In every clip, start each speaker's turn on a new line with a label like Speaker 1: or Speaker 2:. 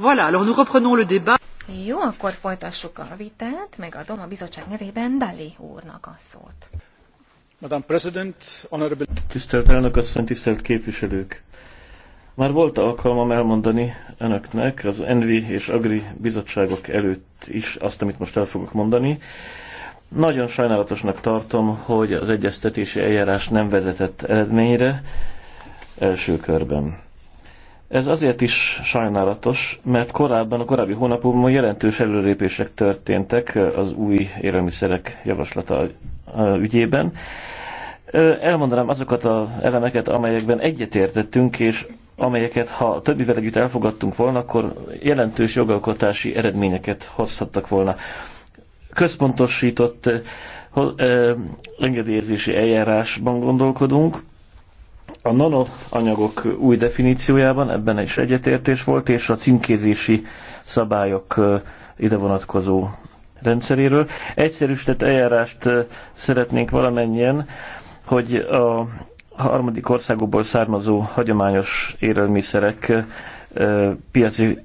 Speaker 1: Voilà,
Speaker 2: alors nous reprenons le débat.
Speaker 1: Jó, akkor folytassuk a vitát, megadom a bizottság nevében Dali úrnak a szót.
Speaker 2: Madame President,
Speaker 3: honorable... Tisztelt elnök asszony, tisztelt képviselők! Már volt alkalmam elmondani önöknek az Envi és Agri bizottságok előtt is azt, amit most el fogok mondani. Nagyon sajnálatosnak tartom, hogy az egyeztetési eljárás nem vezetett eredményre első körben ez azért is sajnálatos, mert korábban, a korábbi hónapokban jelentős előrépések történtek az új élelmiszerek javaslata ügyében. Elmondanám azokat az elemeket, amelyekben egyetértettünk, és amelyeket ha többivel együtt elfogadtunk volna, akkor jelentős jogalkotási eredményeket hozhattak volna. Központosított engedélyezési eljárásban gondolkodunk, a nanoanyagok új definíciójában ebben is egyetértés volt, és a címkézési szabályok ide vonatkozó rendszeréről. Egyszerűsített eljárást szeretnénk valamennyien, hogy a harmadik országokból származó hagyományos élelmiszerek piaci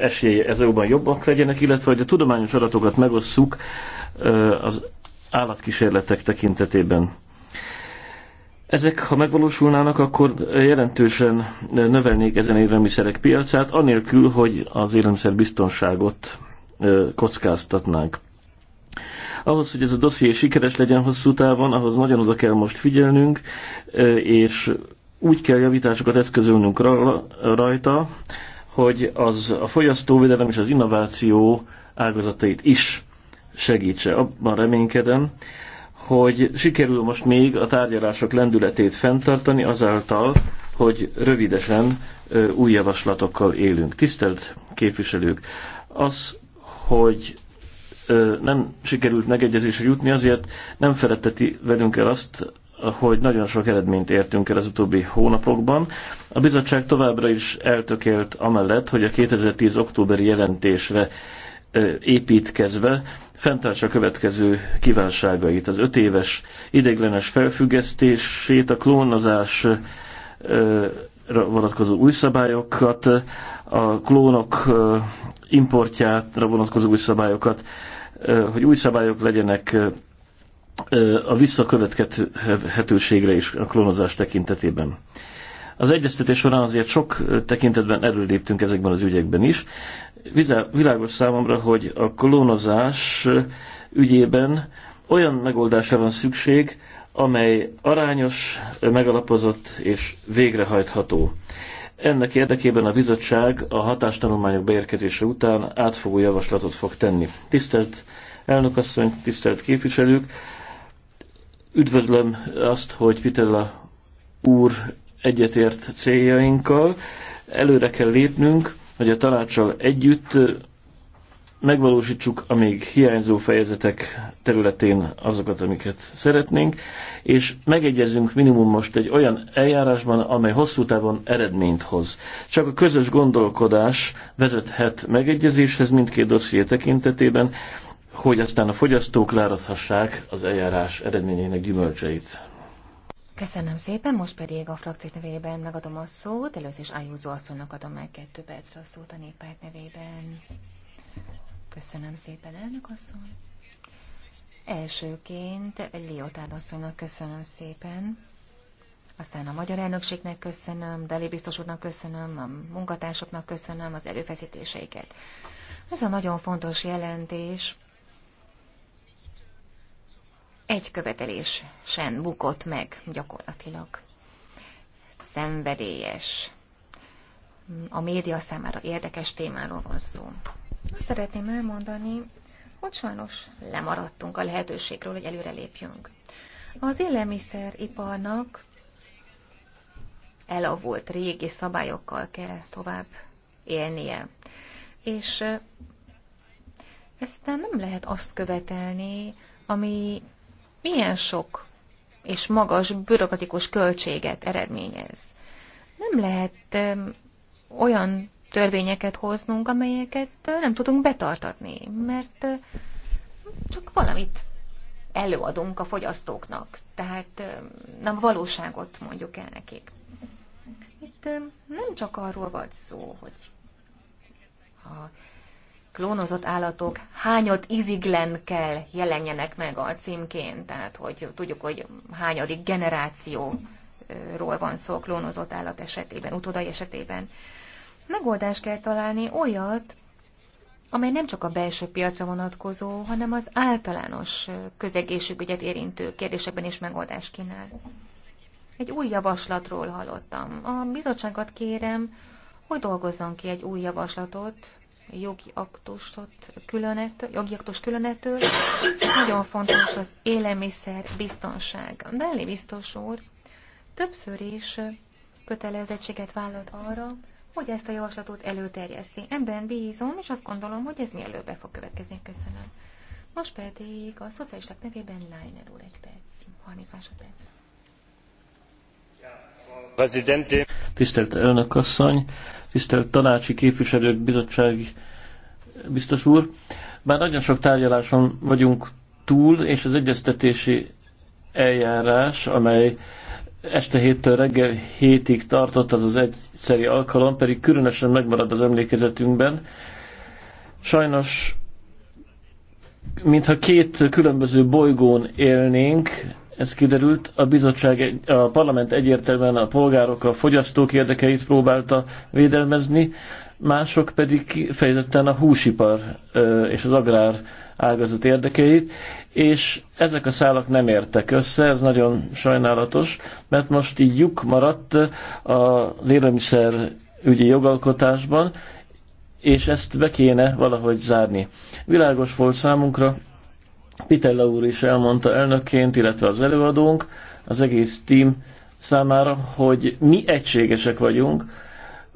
Speaker 3: esélye ezóban jobbak legyenek, illetve hogy a tudományos adatokat megosszuk az állatkísérletek tekintetében. Ezek, ha megvalósulnának, akkor jelentősen növelnék ezen élelmiszerek piacát, anélkül, hogy az élelmiszer biztonságot kockáztatnánk. Ahhoz, hogy ez a dosszié sikeres legyen hosszú távon, ahhoz nagyon oda kell most figyelnünk, és úgy kell javításokat eszközölnünk rajta, hogy az a fogyasztóvédelem és az innováció ágazatait is segítse. Abban reménykedem, hogy sikerül most még a tárgyalások lendületét fenntartani azáltal, hogy rövidesen új javaslatokkal élünk. Tisztelt képviselők, az, hogy nem sikerült megegyezésre jutni, azért nem feletteti velünk el azt, hogy nagyon sok eredményt értünk el az utóbbi hónapokban. A bizottság továbbra is eltökélt amellett, hogy a 2010. októberi jelentésre építkezve fenntartsa a következő kívánságait. Az öt éves ideiglenes felfüggesztését, a klónozásra vonatkozó új szabályokat, a klónok importjára vonatkozó új szabályokat, hogy új szabályok legyenek a visszakövethetőségre is a klónozás tekintetében. Az egyeztetés során azért sok tekintetben léptünk ezekben az ügyekben is, világos számomra, hogy a klónozás ügyében olyan megoldásra van szükség, amely arányos, megalapozott és végrehajtható. Ennek érdekében a bizottság a hatástanulmányok beérkezése után átfogó javaslatot fog tenni. Tisztelt elnökasszony, tisztelt képviselők, üdvözlöm azt, hogy Pitella úr egyetért céljainkkal, előre kell lépnünk, hogy a tanácssal együtt megvalósítsuk a még hiányzó fejezetek területén azokat, amiket szeretnénk, és megegyezünk minimum most egy olyan eljárásban, amely hosszú távon eredményt hoz. Csak a közös gondolkodás vezethet megegyezéshez mindkét dosszié tekintetében, hogy aztán a fogyasztók láradhassák az eljárás eredményeinek gyümölcseit.
Speaker 1: Köszönöm szépen, most pedig a frakciók nevében megadom a szót, először is Ájúzó asszonynak adom meg kettő percre a szót a néppárt nevében. Köszönöm szépen, elnök asszony. Elsőként Liotád asszonynak köszönöm szépen, aztán a magyar elnökségnek köszönöm, Deli biztos úrnak köszönöm, a munkatársoknak köszönöm az előfeszítéseiket. Ez a nagyon fontos jelentés, egy követelés sem bukott meg gyakorlatilag. Szenvedélyes. A média számára érdekes témáról van szó. Azt szeretném elmondani, hogy sajnos lemaradtunk a lehetőségről, hogy előrelépjünk. Az élelmiszeriparnak elavult régi szabályokkal kell tovább élnie. És ezt nem lehet azt követelni, ami milyen sok és magas bürokratikus költséget eredményez. Nem lehet olyan törvényeket hoznunk, amelyeket nem tudunk betartatni, mert csak valamit előadunk a fogyasztóknak, tehát nem valóságot mondjuk el nekik. Itt nem csak arról volt szó, hogy a klónozott állatok hányat iziglen kell jelenjenek meg a címként, tehát hogy tudjuk, hogy hányadik generációról van szó klónozott állat esetében, utódai esetében. Megoldást kell találni olyat, amely nem csak a belső piacra vonatkozó, hanem az általános közegészségügyet érintő kérdésekben is megoldást kínál. Egy új javaslatról hallottam. A bizottságot kérem, hogy dolgozzon ki egy új javaslatot, jogi aktusot különettől, jogi aktus különettől. Nagyon fontos az élelmiszer biztonság. De elé biztos úr többször is kötelezettséget vállalt arra, hogy ezt a javaslatot előterjeszti. Ebben bízom, és azt gondolom, hogy ez mielőbb be fog következni. Köszönöm. Most pedig a szocialisták nevében Leiner úr egy perc, 30 másodperc.
Speaker 3: Tisztelt elnök asszony, tisztelt tanácsi képviselők, bizottsági biztos úr. Már nagyon sok tárgyaláson vagyunk túl, és az egyeztetési eljárás, amely este héttől reggel hétig tartott, az az egyszeri alkalom, pedig különösen megmarad az emlékezetünkben. Sajnos, mintha két különböző bolygón élnénk, ez kiderült, a bizottság, a parlament egyértelműen a polgárok, a fogyasztók érdekeit próbálta védelmezni, mások pedig kifejezetten a húsipar és az agrár ágazat érdekeit, és ezek a szálak nem értek össze, ez nagyon sajnálatos, mert most így lyuk maradt az élelmiszer ügyi jogalkotásban, és ezt be kéne valahogy zárni. Világos volt számunkra, Pitella úr is elmondta elnökként, illetve az előadónk, az egész team számára, hogy mi egységesek vagyunk,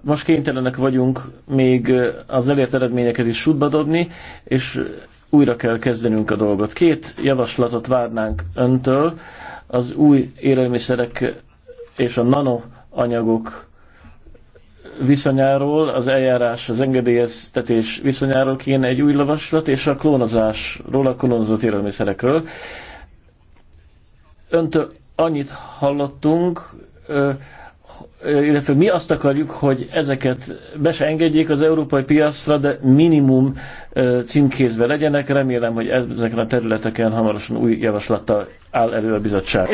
Speaker 3: most kénytelenek vagyunk még az elért eredményeket is sútba dobni, és újra kell kezdenünk a dolgot. Két javaslatot várnánk öntől, az új élelmiszerek és a nanoanyagok viszonyáról, az eljárás, az engedélyeztetés viszonyáról kéne egy új javaslat, és a klónozásról, a klónozott élelmiszerekről. Öntől annyit hallottunk, illetve mi azt akarjuk, hogy ezeket be se engedjék az európai piacra, de minimum címkézve legyenek. Remélem, hogy ezeken a területeken hamarosan új javaslattal áll elő a bizottság.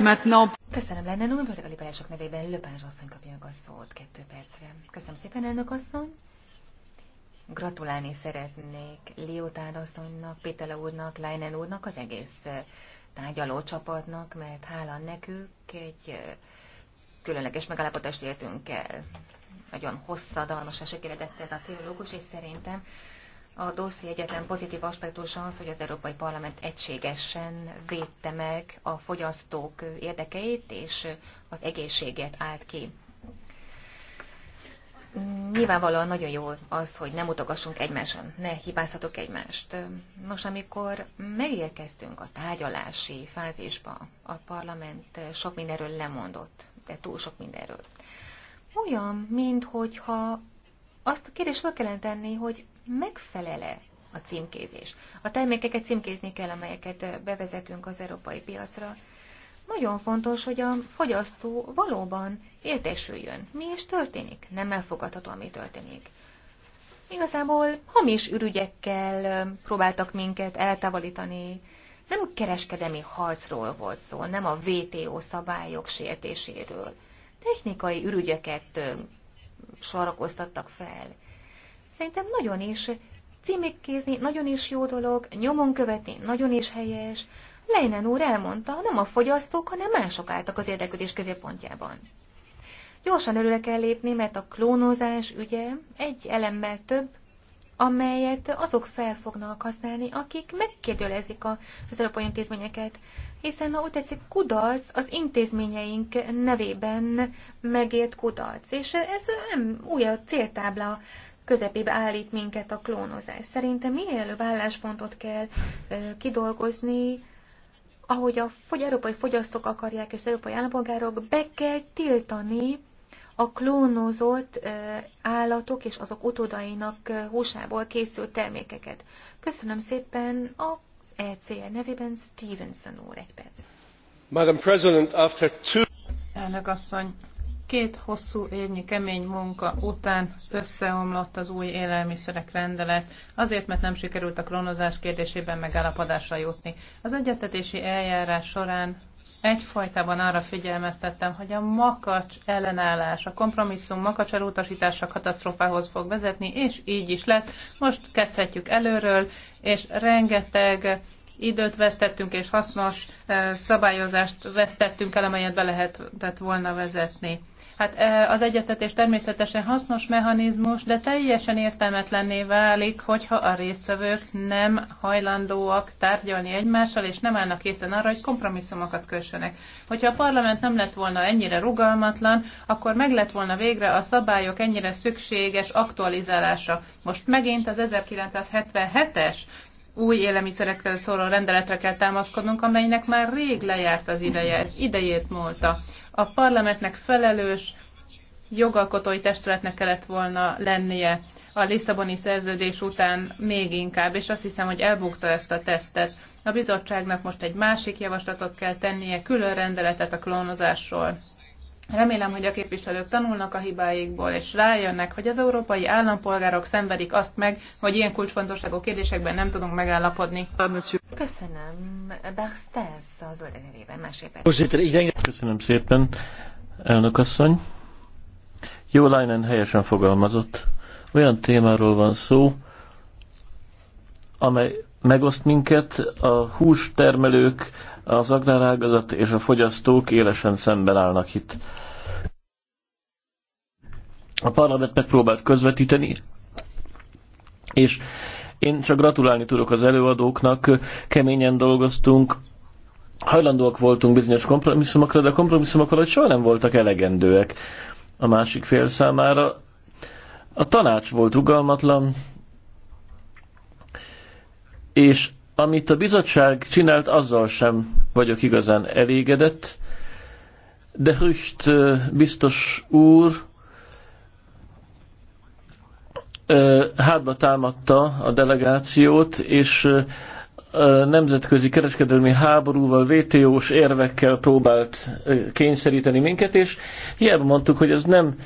Speaker 1: Köszönöm, Lennon úr, a liberálisok nevében Löpázs asszony kapja meg a szót kettő percre. Köszönöm szépen, elnök asszony. Gratulálni szeretnék Liotárd asszonynak, Pétele úrnak, Leinen úrnak, az egész eh, tárgyaló csapatnak, mert hála nekük egy eh, különleges megállapodást értünk el. Nagyon hosszadalmas, sikeredett ez a teológus, és szerintem a dosszi egyetlen pozitív aspektusa az, hogy az Európai Parlament egységesen védte meg a fogyasztók érdekeit, és az egészséget állt ki. Nyilvánvalóan nagyon jó az, hogy nem utogassunk egymáson, ne hibázhatok egymást. Nos, amikor megérkeztünk a tárgyalási fázisba, a parlament sok mindenről lemondott, de túl sok mindenről. Olyan, minthogyha azt a kérdést fel kellene tenni, hogy megfelele a címkézés. A termékeket címkézni kell, amelyeket bevezetünk az európai piacra. Nagyon fontos, hogy a fogyasztó valóban értesüljön, mi is történik. Nem elfogadható, ami történik. Igazából hamis ürügyekkel próbáltak minket eltávolítani. Nem kereskedemi harcról volt szó, nem a VTO szabályok sértéséről. Technikai ürügyeket sorakoztattak fel Szerintem nagyon is címékkézni, nagyon is jó dolog, nyomon követni, nagyon is helyes. Leinen úr elmondta, nem a fogyasztók, hanem mások álltak az érdeklődés középpontjában. Gyorsan előre kell lépni, mert a klónozás ügye egy elemmel több, amelyet azok fel fognak használni, akik megkérdőlezik az európai intézményeket, hiszen ha úgy tetszik, kudarc az intézményeink nevében megért kudarc, és ez nem új a céltábla közepébe állít minket a klónozás. Szerintem mielőbb álláspontot kell kidolgozni, ahogy a fogy, európai fogyasztók akarják, és az európai állampolgárok, be kell tiltani a klónozott állatok és azok utódainak húsából készült termékeket. Köszönöm szépen
Speaker 4: az ECR nevében Stevenson úr egy perc.
Speaker 2: Madam President, after two...
Speaker 4: Elnök asszony, Két hosszú évnyi kemény munka után összeomlott az új élelmiszerek rendelet, azért, mert nem sikerült a klónozás kérdésében megállapodásra jutni. Az egyeztetési eljárás során egyfajtában arra figyelmeztettem, hogy a makacs ellenállás, a kompromisszum makacs elutasítása katasztrófához fog vezetni, és így is lett. Most kezdhetjük előről, és rengeteg időt vesztettünk, és hasznos eh, szabályozást vesztettünk el, amelyet be lehetett volna vezetni. Hát az egyeztetés természetesen hasznos mechanizmus, de teljesen értelmetlenné válik, hogyha a résztvevők nem hajlandóak tárgyalni egymással, és nem állnak készen arra, hogy kompromisszumokat kössenek. Hogyha a parlament nem lett volna ennyire rugalmatlan, akkor meg lett volna végre a szabályok ennyire szükséges aktualizálása. Most megint az 1977-es új élelmiszerekről szóló rendeletre kell támaszkodnunk, amelynek már rég lejárt az ideje, idejét múlta. A parlamentnek felelős jogalkotói testületnek kellett volna lennie a Lisszaboni szerződés után még inkább, és azt hiszem, hogy elbukta ezt a tesztet. A bizottságnak most egy másik javaslatot kell tennie, külön rendeletet a klónozásról. Remélem, hogy a képviselők tanulnak a hibáikból, és rájönnek, hogy az európai állampolgárok szenvedik azt meg, hogy ilyen kulcsfontosságú kérdésekben nem tudunk megállapodni. Köszönöm.
Speaker 1: Baxtesz az oldal nevében másképpen.
Speaker 3: Köszönöm szépen, elnök asszony. Jó Leinen helyesen fogalmazott. Olyan témáról van szó, amely megoszt minket, a hústermelők az agrárágazat és a fogyasztók élesen szemben állnak itt. A parlament megpróbált közvetíteni, és én csak gratulálni tudok az előadóknak, keményen dolgoztunk, hajlandóak voltunk bizonyos kompromisszumokra, de a kompromisszumok alatt soha nem voltak elegendőek a másik fél számára. A tanács volt rugalmatlan, és amit a bizottság csinált, azzal sem vagyok igazán elégedett, de Hücht biztos úr hátba támadta a delegációt, és nemzetközi kereskedelmi háborúval, VTO-s érvekkel próbált kényszeríteni minket, és hiába mondtuk, hogy ez nem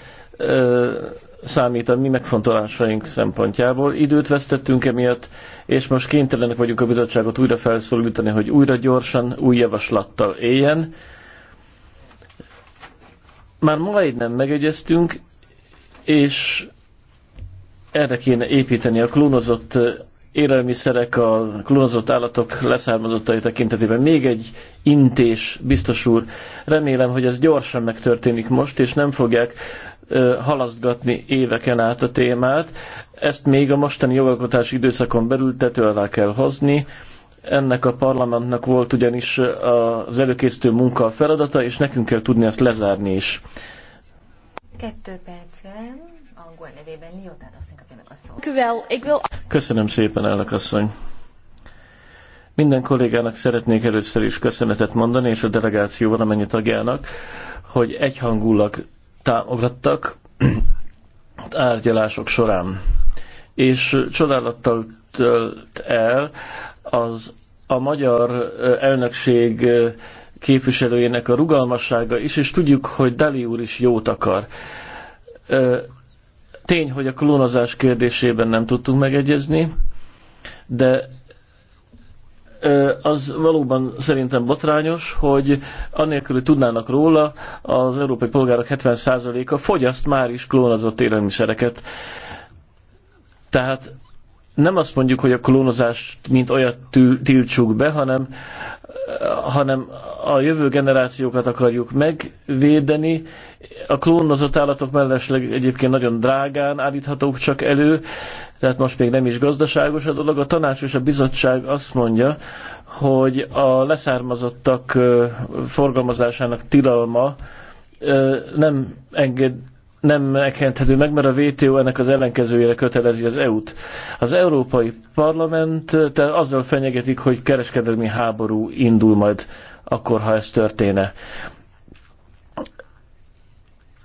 Speaker 3: számít a mi megfontolásaink szempontjából. Időt vesztettünk emiatt, és most kénytelenek vagyunk a bizottságot újra felszólítani, hogy újra gyorsan, új javaslattal éljen. Már majdnem megegyeztünk, és erre kéne építeni a klónozott eh, élelmiszerek, a klónozott állatok leszármazottai tekintetében. Még egy intés, biztos úr. Remélem, hogy ez gyorsan megtörténik most, és nem fogják halasztgatni éveken át a témát. Ezt még a mostani jogalkotási időszakon belül tető alá kell hozni. Ennek a parlamentnek volt ugyanis az előkészítő munka a feladata, és nekünk kell tudni ezt lezárni is.
Speaker 1: Kettő percben, angol nevében Liotát meg a szót.
Speaker 3: Köszönöm szépen, elnök asszony. Minden kollégának szeretnék először is köszönetet mondani, és a delegáció valamennyi tagjának, hogy egyhangulag támogattak tárgyalások során. És csodálattal tölt el az a magyar elnökség képviselőjének a rugalmassága is, és tudjuk, hogy Dali úr is jót akar. Tény, hogy a klónozás kérdésében nem tudtunk megegyezni, de az valóban szerintem botrányos, hogy anélkül, hogy tudnának róla, az európai polgárok 70%-a fogyaszt már is klónozott élelmiszereket. Tehát nem azt mondjuk, hogy a klónozást mint olyat tiltsuk be, hanem, hanem a jövő generációkat akarjuk megvédeni. A klónozott állatok mellesleg egyébként nagyon drágán állíthatók csak elő, tehát most még nem is gazdaságos a dolog. A tanács és a bizottság azt mondja, hogy a leszármazottak forgalmazásának tilalma nem enged nem meghenthető meg, mert a WTO ennek az ellenkezőjére kötelezi az EU-t. Az Európai Parlament tehát azzal fenyegetik, hogy kereskedelmi háború indul majd akkor, ha ez történne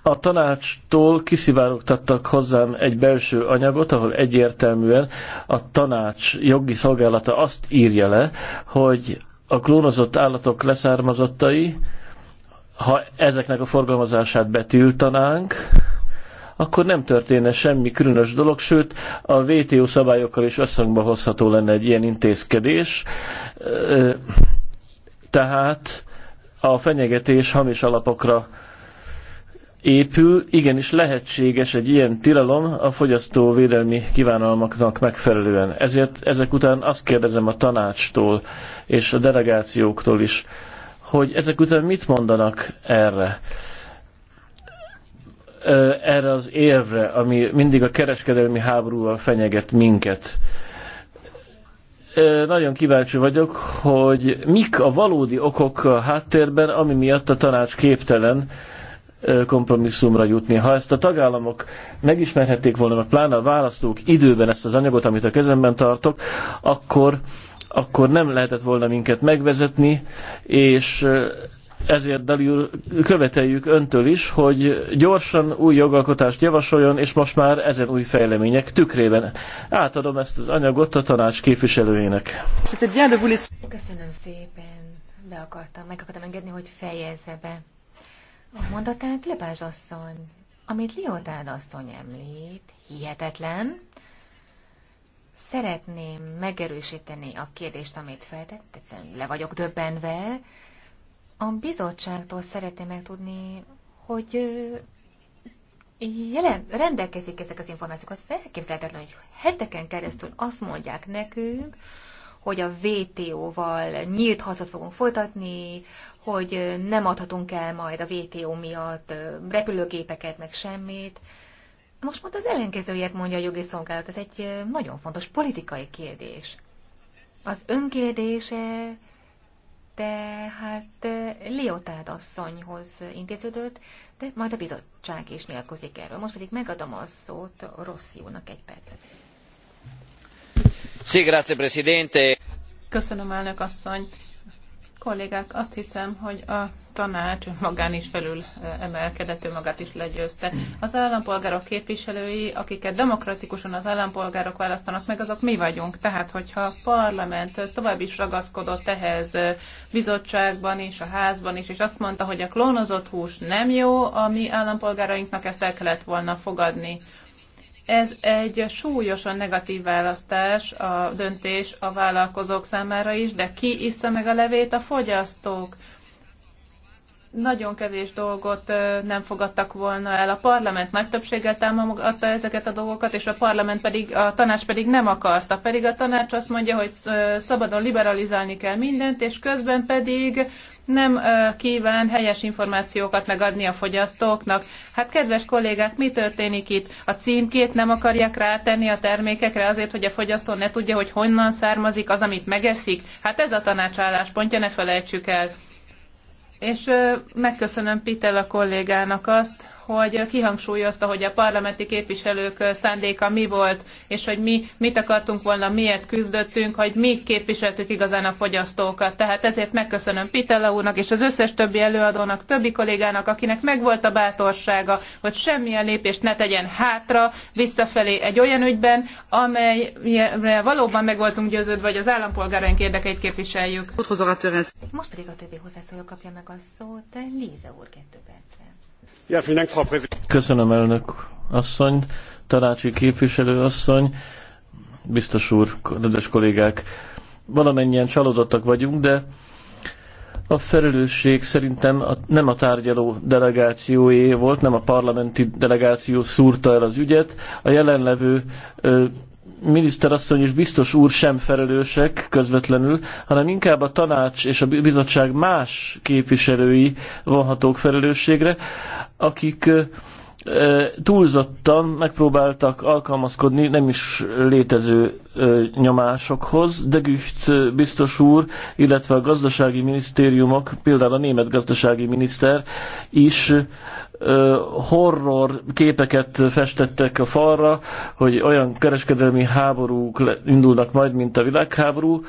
Speaker 3: a tanácstól kiszivárogtattak hozzám egy belső anyagot, ahol egyértelműen a tanács jogi szolgálata azt írja le, hogy a klónozott állatok leszármazottai, ha ezeknek a forgalmazását betiltanánk, akkor nem történne semmi különös dolog, sőt a WTO szabályokkal is összhangba hozható lenne egy ilyen intézkedés. Tehát a fenyegetés hamis alapokra épül, igenis lehetséges egy ilyen tilalom a fogyasztóvédelmi kívánalmaknak megfelelően. Ezért ezek után azt kérdezem a tanácstól és a delegációktól is, hogy ezek után mit mondanak erre? Erre az érvre, ami mindig a kereskedelmi háborúval fenyeget minket. Nagyon kíváncsi vagyok, hogy mik a valódi okok a háttérben, ami miatt a tanács képtelen kompromisszumra jutni. Ha ezt a tagállamok megismerhették volna, meg pláne a választók időben ezt az anyagot, amit a kezemben tartok, akkor, akkor nem lehetett volna minket megvezetni, és ezért Dalil követeljük öntől is, hogy gyorsan új jogalkotást javasoljon, és most már ezen új fejlemények tükrében. Átadom ezt az anyagot a tanács képviselőjének.
Speaker 1: Köszönöm szépen. Be akartam, meg akartam engedni, hogy fejezze be a mondatát Lepázs asszony, amit Liotád asszony említ, hihetetlen. Szeretném megerősíteni a kérdést, amit feltett, egyszerűen le vagyok döbbenve. A bizottságtól szeretném megtudni, hogy jelen, rendelkezik ezek az információk. Az elképzelhetetlen, hogy heteken keresztül azt mondják nekünk, hogy a VTO-val nyílt harcot fogunk folytatni, hogy nem adhatunk el majd a VTO miatt repülőgépeket, meg semmit. Most pont az ellenkezőjét mondja a jogi szolgálat, ez egy nagyon fontos politikai kérdés. Az önkérdése tehát Liotád asszonyhoz intéződött, de majd a bizottság is nyilatkozik erről. Most pedig megadom a szót Rossziónak egy perc.
Speaker 3: Sí, grazie, presidente.
Speaker 4: Köszönöm, elnök asszony. Kollégák, azt hiszem, hogy a tanács magán is felül emelkedett, ő magát is legyőzte. Az állampolgárok képviselői, akiket demokratikusan az állampolgárok választanak meg, azok mi vagyunk. Tehát, hogyha a parlament tovább is ragaszkodott ehhez bizottságban is, a házban is, és azt mondta, hogy a klónozott hús nem jó, a mi állampolgárainknak ezt el kellett volna fogadni. Ez egy súlyosan negatív választás, a döntés a vállalkozók számára is, de ki issza meg a levét? A fogyasztók nagyon kevés dolgot nem fogadtak volna el. A parlament nagy többséggel támogatta ezeket a dolgokat, és a parlament pedig, a tanács pedig nem akarta. Pedig a tanács azt mondja, hogy szabadon liberalizálni kell mindent, és közben pedig nem kíván helyes információkat megadni a fogyasztóknak. Hát kedves kollégák, mi történik itt? A címkét nem akarják rátenni a termékekre azért, hogy a fogyasztó ne tudja, hogy honnan származik az, amit megeszik? Hát ez a tanács álláspontja, ne felejtsük el. És megköszönöm Pitel a kollégának azt, hogy kihangsúlyozta, hogy a parlamenti képviselők szándéka mi volt, és hogy mi mit akartunk volna, miért küzdöttünk, hogy mi képviseltük igazán a fogyasztókat. Tehát ezért megköszönöm Pitella úrnak és az összes többi előadónak, többi kollégának, akinek megvolt a bátorsága, hogy semmilyen lépést ne tegyen hátra, visszafelé egy olyan ügyben, amelyre valóban meg voltunk győződve, hogy az állampolgáraink érdekeit képviseljük.
Speaker 1: Most pedig a többi
Speaker 4: hozzászóló kapja
Speaker 1: meg a szót, Líza úr kettő percre.
Speaker 3: Köszönöm elnök asszony, tanácsi képviselő asszony, biztos úr, kedves kollégák. Valamennyien csalódottak vagyunk, de a felelősség szerintem a, nem a tárgyaló delegációé volt, nem a parlamenti delegáció szúrta el az ügyet. A jelenlevő ö, miniszterasszony és biztos úr sem felelősek közvetlenül, hanem inkább a tanács és a bizottság más képviselői vonhatók felelősségre, akik túlzottan megpróbáltak alkalmazkodni nem is létező nyomásokhoz, de Gücht biztos úr, illetve a gazdasági minisztériumok, például a német gazdasági miniszter is horror képeket festettek a falra, hogy olyan kereskedelmi háborúk indulnak majd, mint a világháború,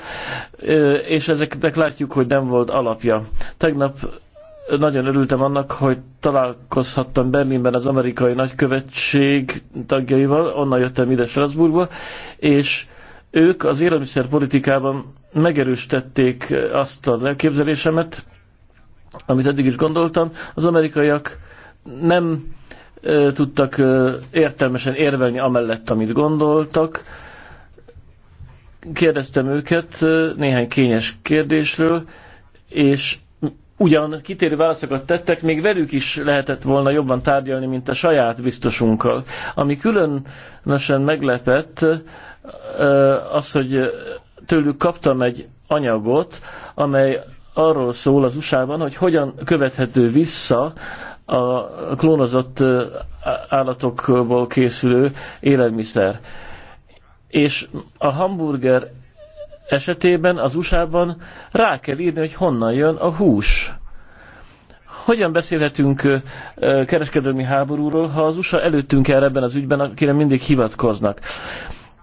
Speaker 3: és ezeknek látjuk, hogy nem volt alapja. Tegnap nagyon örültem annak, hogy találkozhattam Berlinben az amerikai nagykövetség tagjaival, onnan jöttem ide Strasbourgba, és ők az élelmiszerpolitikában megerősítették azt az elképzelésemet, amit eddig is gondoltam, az amerikaiak nem ö, tudtak ö, értelmesen érvelni amellett, amit gondoltak. Kérdeztem őket ö, néhány kényes kérdésről, és ugyan kitérő válaszokat tettek, még velük is lehetett volna jobban tárgyalni, mint a saját biztosunkkal. Ami különösen meglepett, az, hogy tőlük kaptam egy anyagot, amely arról szól az USA-ban, hogy hogyan követhető vissza a klónozott állatokból készülő élelmiszer. És a hamburger esetében az USA-ban rá kell írni, hogy honnan jön a hús. Hogyan beszélhetünk kereskedelmi háborúról, ha az USA előttünk el ebben az ügyben, akire mindig hivatkoznak?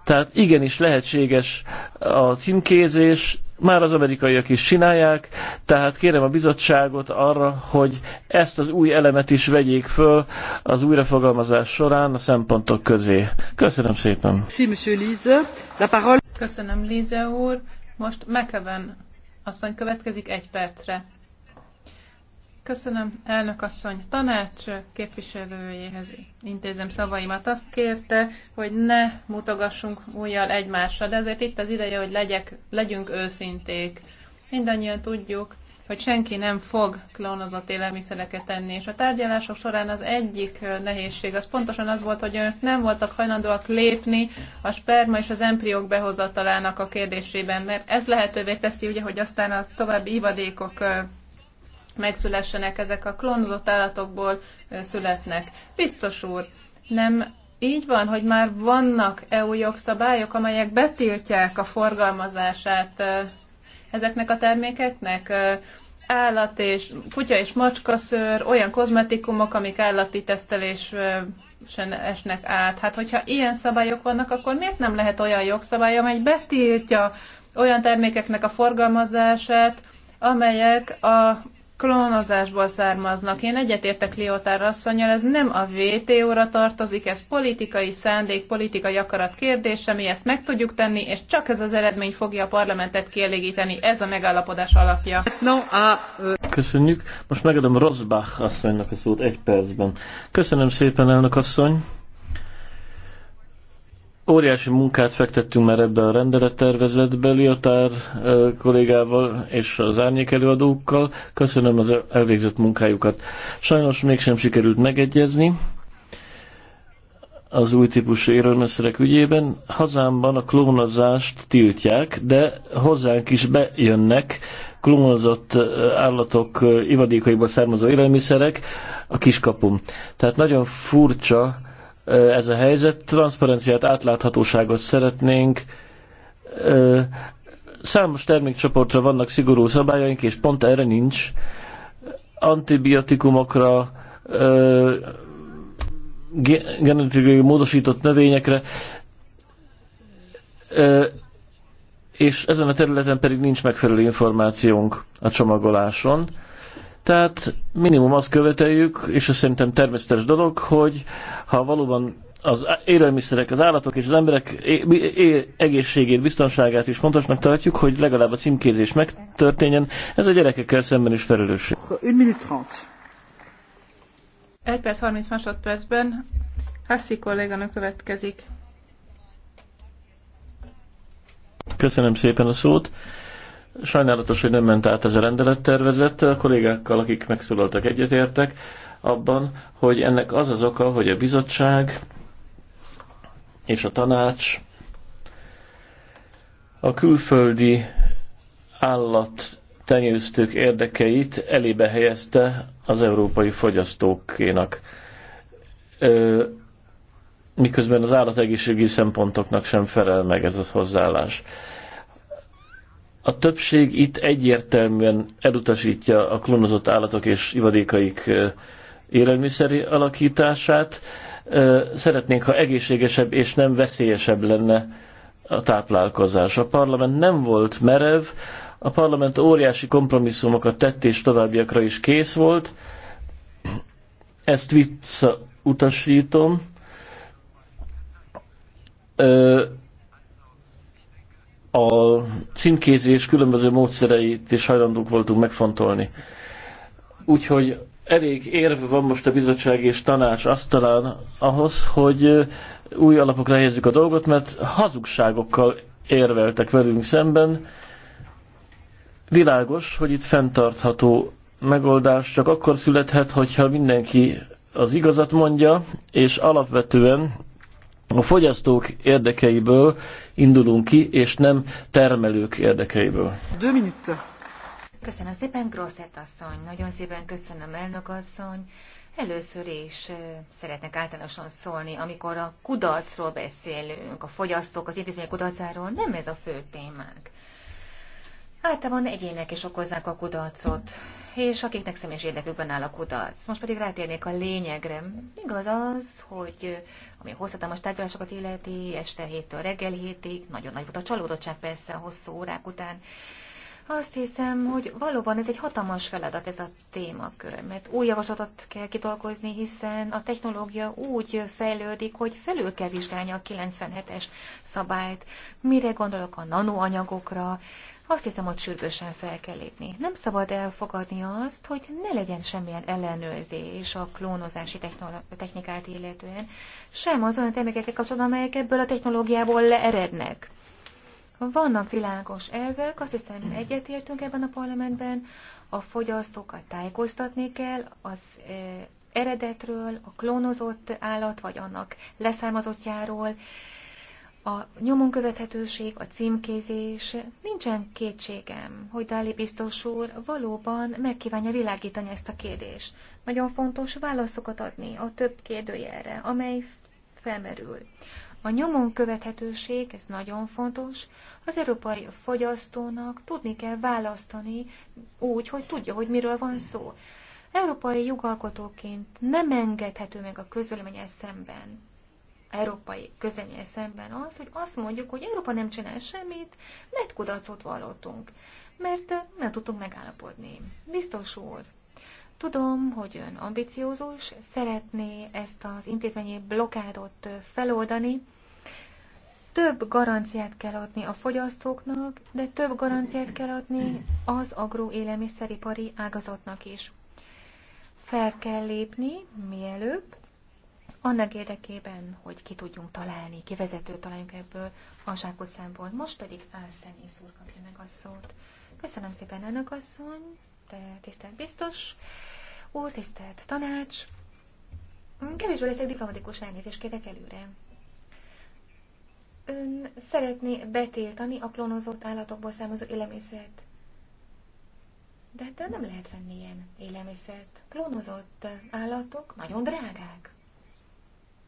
Speaker 3: Tehát igenis lehetséges a címkézés, már az amerikaiak is csinálják, tehát kérem a bizottságot arra, hogy ezt az új elemet is vegyék föl az újrafogalmazás során a szempontok közé. Köszönöm szépen.
Speaker 4: Köszönöm, Lize úr. Most McEwen asszony következik egy percre. Köszönöm, elnök asszony. Tanács képviselőjéhez intézem szavaimat. Azt kérte, hogy ne mutogassunk újjal egymásra, de ezért itt az ideje, hogy legyek, legyünk őszinték. Mindannyian tudjuk, hogy senki nem fog klónozott élelmiszereket tenni. És a tárgyalások során az egyik nehézség az pontosan az volt, hogy nem voltak hajlandóak lépni a sperma és az embriók behozatalának a kérdésében, mert ez lehetővé teszi, ugye, hogy aztán a további ivadékok megszülessenek, ezek a klónozott állatokból születnek. Biztos úr, nem így van, hogy már vannak EU jogszabályok, amelyek betiltják a forgalmazását ezeknek a termékeknek, állat és kutya és macska szőr, olyan kozmetikumok, amik állati tesztelés esnek át. Hát, hogyha ilyen szabályok vannak, akkor miért nem lehet olyan jogszabály, amely betiltja olyan termékeknek a forgalmazását, amelyek a klónozásból származnak. Én egyetértek Liotár asszonyal, ez nem a VTO-ra tartozik, ez politikai szándék, politikai akarat kérdése, mi ezt meg tudjuk tenni, és csak ez az eredmény fogja a parlamentet kielégíteni, ez a megállapodás alapja. No, a...
Speaker 3: Köszönjük. Most megadom Rosbach asszonynak a szót egy percben. Köszönöm szépen, elnök asszony. Óriási munkát fektettünk már ebbe a rendelettervezetbe Liotár kollégával és az árnyék előadókkal. Köszönöm az elvégzett munkájukat. Sajnos mégsem sikerült megegyezni az új típusú élelmiszerek ügyében. Hazámban a klónozást tiltják, de hozzánk is bejönnek klónozott állatok ivadékaiból származó élelmiszerek a kiskapum. Tehát nagyon furcsa ez a helyzet. Transzparenciát, átláthatóságot szeretnénk. Számos termékcsoportra vannak szigorú szabályaink, és pont erre nincs. Antibiotikumokra, genetikai módosított növényekre, és ezen a területen pedig nincs megfelelő információnk a csomagoláson. Tehát minimum azt követeljük, és ez szerintem természetes dolog, hogy ha valóban az élelmiszerek, az állatok és az emberek egészségét, biztonságát is fontosnak tartjuk, hogy legalább a címkézés megtörténjen. Ez a gyerekekkel szemben is felelősség.
Speaker 4: 1 perc 30 másodpercben Hassi kolléganő következik.
Speaker 3: Köszönöm szépen a szót. Sajnálatos, hogy nem ment át ez a rendelettervezet. A kollégákkal, akik megszólaltak, egyetértek abban, hogy ennek az az oka, hogy a bizottság és a tanács a külföldi állat tenyésztők érdekeit elébe helyezte az európai fogyasztókénak. miközben az állategészségi szempontoknak sem felel meg ez a hozzáállás. A többség itt egyértelműen elutasítja a klónozott állatok és ivadékaik élelmiszeri alakítását. Szeretnénk, ha egészségesebb és nem veszélyesebb lenne a táplálkozás. A parlament nem volt merev, a parlament óriási kompromisszumokat tett, és továbbiakra is kész volt. Ezt visszautasítom a címkézés különböző módszereit is hajlandók voltunk megfontolni. Úgyhogy elég érv van most a bizottság és tanács asztalán ahhoz, hogy új alapokra helyezzük a dolgot, mert hazugságokkal érveltek velünk szemben. Világos, hogy itt fenntartható megoldás csak akkor születhet, hogyha mindenki az igazat mondja, és alapvetően a fogyasztók érdekeiből indulunk ki, és nem termelők érdekeiből. Deux
Speaker 2: minutes.
Speaker 1: Köszönöm szépen, Grosset asszony. Nagyon szépen köszönöm, elnök asszony. Először is szeretnek általánosan szólni, amikor a kudarcról beszélünk, a fogyasztók, az intézmények kudarcáról, nem ez a fő témánk. Általában egyének is okoznak a kudarcot és akiknek személyes érdekükben áll a kudarc. Most pedig rátérnék a lényegre. Igaz az, hogy ami hosszadalmas tárgyalásokat illeti, este héttől reggel hétig, nagyon nagy volt a csalódottság persze a hosszú órák után, azt hiszem, hogy valóban ez egy hatalmas feladat ez a témakör, mert új javaslatot kell kitolkozni, hiszen a technológia úgy fejlődik, hogy felül kell vizsgálni a 97-es szabályt. Mire gondolok a nanoanyagokra, azt hiszem, hogy sürgősen fel kell lépni. Nem szabad elfogadni azt, hogy ne legyen semmilyen ellenőrzés a klónozási technikát illetően, sem az olyan termékekkel kapcsolatban, amelyek ebből a technológiából erednek. Vannak világos elvek, azt hiszem egyetértünk ebben a parlamentben, a fogyasztókat tájékoztatni kell az e, eredetről, a klónozott állat vagy annak leszármazottjáról, a nyomon követhetőség, a címkézés, nincsen kétségem, hogy Dáli biztos úr valóban megkívánja világítani ezt a kérdést. Nagyon fontos válaszokat adni a több kérdőjelre, amely felmerül. A nyomon követhetőség, ez nagyon fontos, az európai fogyasztónak tudni kell választani úgy, hogy tudja, hogy miről van szó. Európai jogalkotóként nem engedhető meg a közvéleménnyel szemben európai közönyel szemben az, hogy azt mondjuk, hogy Európa nem csinál semmit, mert kudarcot vallottunk, mert nem tudtunk megállapodni. Biztos úr, tudom, hogy ön ambiciózus, szeretné ezt az intézményi blokádot feloldani, több garanciát kell adni a fogyasztóknak, de több garanciát kell adni az agroélelmiszeripari ágazatnak is. Fel kell lépni mielőbb, annak érdekében, hogy ki tudjunk találni, ki vezető találjunk ebből a zsákutcámból. Most pedig Álszen úr kapja meg a szót. Köszönöm szépen, elnök asszony, te tisztelt biztos, úr, tisztelt tanács. Kevésbé leszek diplomatikus elnézést kérek előre. Ön szeretné betiltani a klónozott állatokból származó élelmiszert. De hát nem lehet venni ilyen élelmiszert. Klónozott állatok nagyon drágák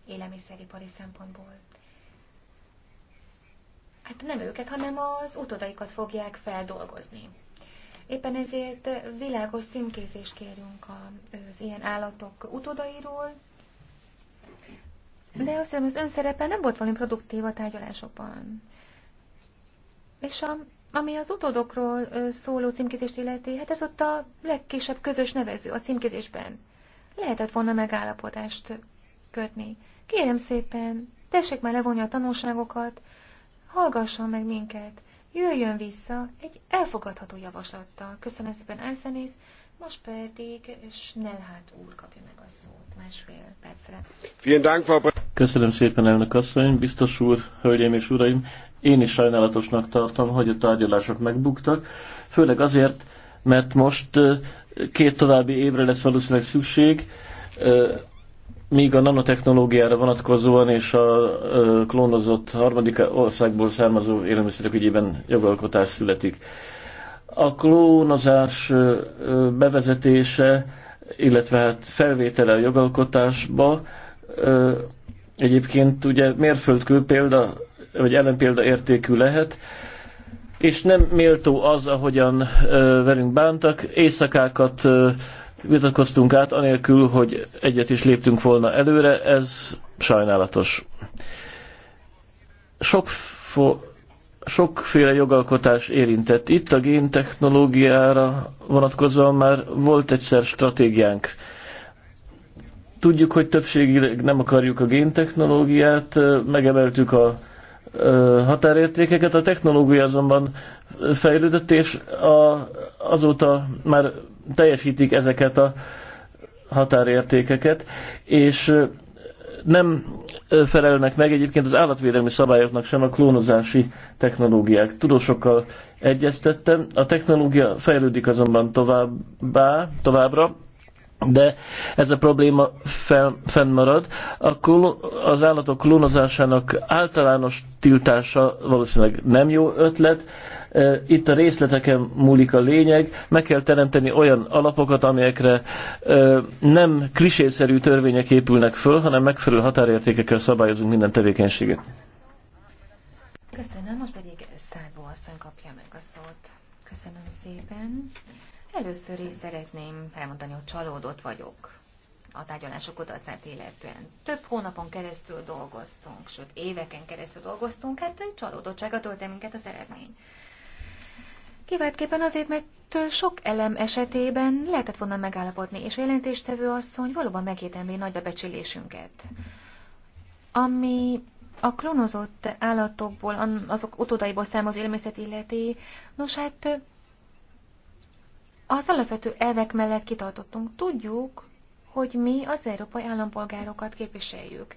Speaker 1: élelmiszeripari szempontból. Hát nem őket, hanem az utodaikat fogják feldolgozni. Éppen ezért világos szimkézést kérünk az ilyen állatok utodairól, de azt hiszem, az szerepe nem volt valami produktív a tárgyalásokban. És a, ami az utódokról szóló címkézést illeti, hát ez ott a legkisebb közös nevező a címkézésben. Lehetett volna megállapodást kötni. Kérem szépen, tessék már levonni a tanulságokat, hallgasson meg minket, jöjjön vissza egy elfogadható javaslattal. Köszönöm szépen, Elszenész, most pedig Snellhát úr kapja meg a szót másfél
Speaker 3: percre. Köszönöm szépen, elnök asszony, biztos úr, hölgyeim és uraim. Én is sajnálatosnak tartom, hogy a tárgyalások megbuktak, főleg azért, mert most két további évre lesz valószínűleg szükség míg a nanotechnológiára vonatkozóan és a klónozott harmadik országból származó élelmiszerek ügyében jogalkotás születik. A klónozás bevezetése, illetve hát felvétele a jogalkotásba egyébként ugye mérföldkő példa, vagy ellenpélda értékű lehet, és nem méltó az, ahogyan velünk bántak. Éjszakákat vitatkoztunk át, anélkül, hogy egyet is léptünk volna előre, ez sajnálatos. Sok sokféle jogalkotás érintett. Itt a géntechnológiára vonatkozóan már volt egyszer stratégiánk. Tudjuk, hogy többségileg nem akarjuk a géntechnológiát, megemeltük a határértékeket, a technológia azonban fejlődött, és a, azóta már teljesítik ezeket a határértékeket, és nem felelnek meg egyébként az állatvédelmi szabályoknak sem a klónozási technológiák. Tudósokkal egyeztettem, a technológia fejlődik azonban továbbá, továbbra, de ez a probléma fel, fennmarad, akkor az állatok klónozásának általános tiltása valószínűleg nem jó ötlet. Itt a részleteken múlik a lényeg, meg kell teremteni olyan alapokat, amelyekre nem krisészerű törvények épülnek föl, hanem megfelelő határértékekkel szabályozunk minden tevékenységet.
Speaker 1: Köszönöm, most pedig Szárbó asszony kapja meg a szót. Köszönöm szépen. Először is szeretném elmondani, hogy csalódott vagyok a tárgyalások kudarcát illetően. Több hónapon keresztül dolgoztunk, sőt éveken keresztül dolgoztunk, hát csalódottsága tölte minket az eredmény. Kiváltképpen azért, mert sok elem esetében lehetett volna megállapodni, és a jelentéstevő asszony valóban megérdemli nagy a becsülésünket. Ami a klónozott állatokból, azok utódaiból származó élmészet illeti, nos hát az alapvető elvek mellett kitartottunk. Tudjuk, hogy mi az európai állampolgárokat képviseljük,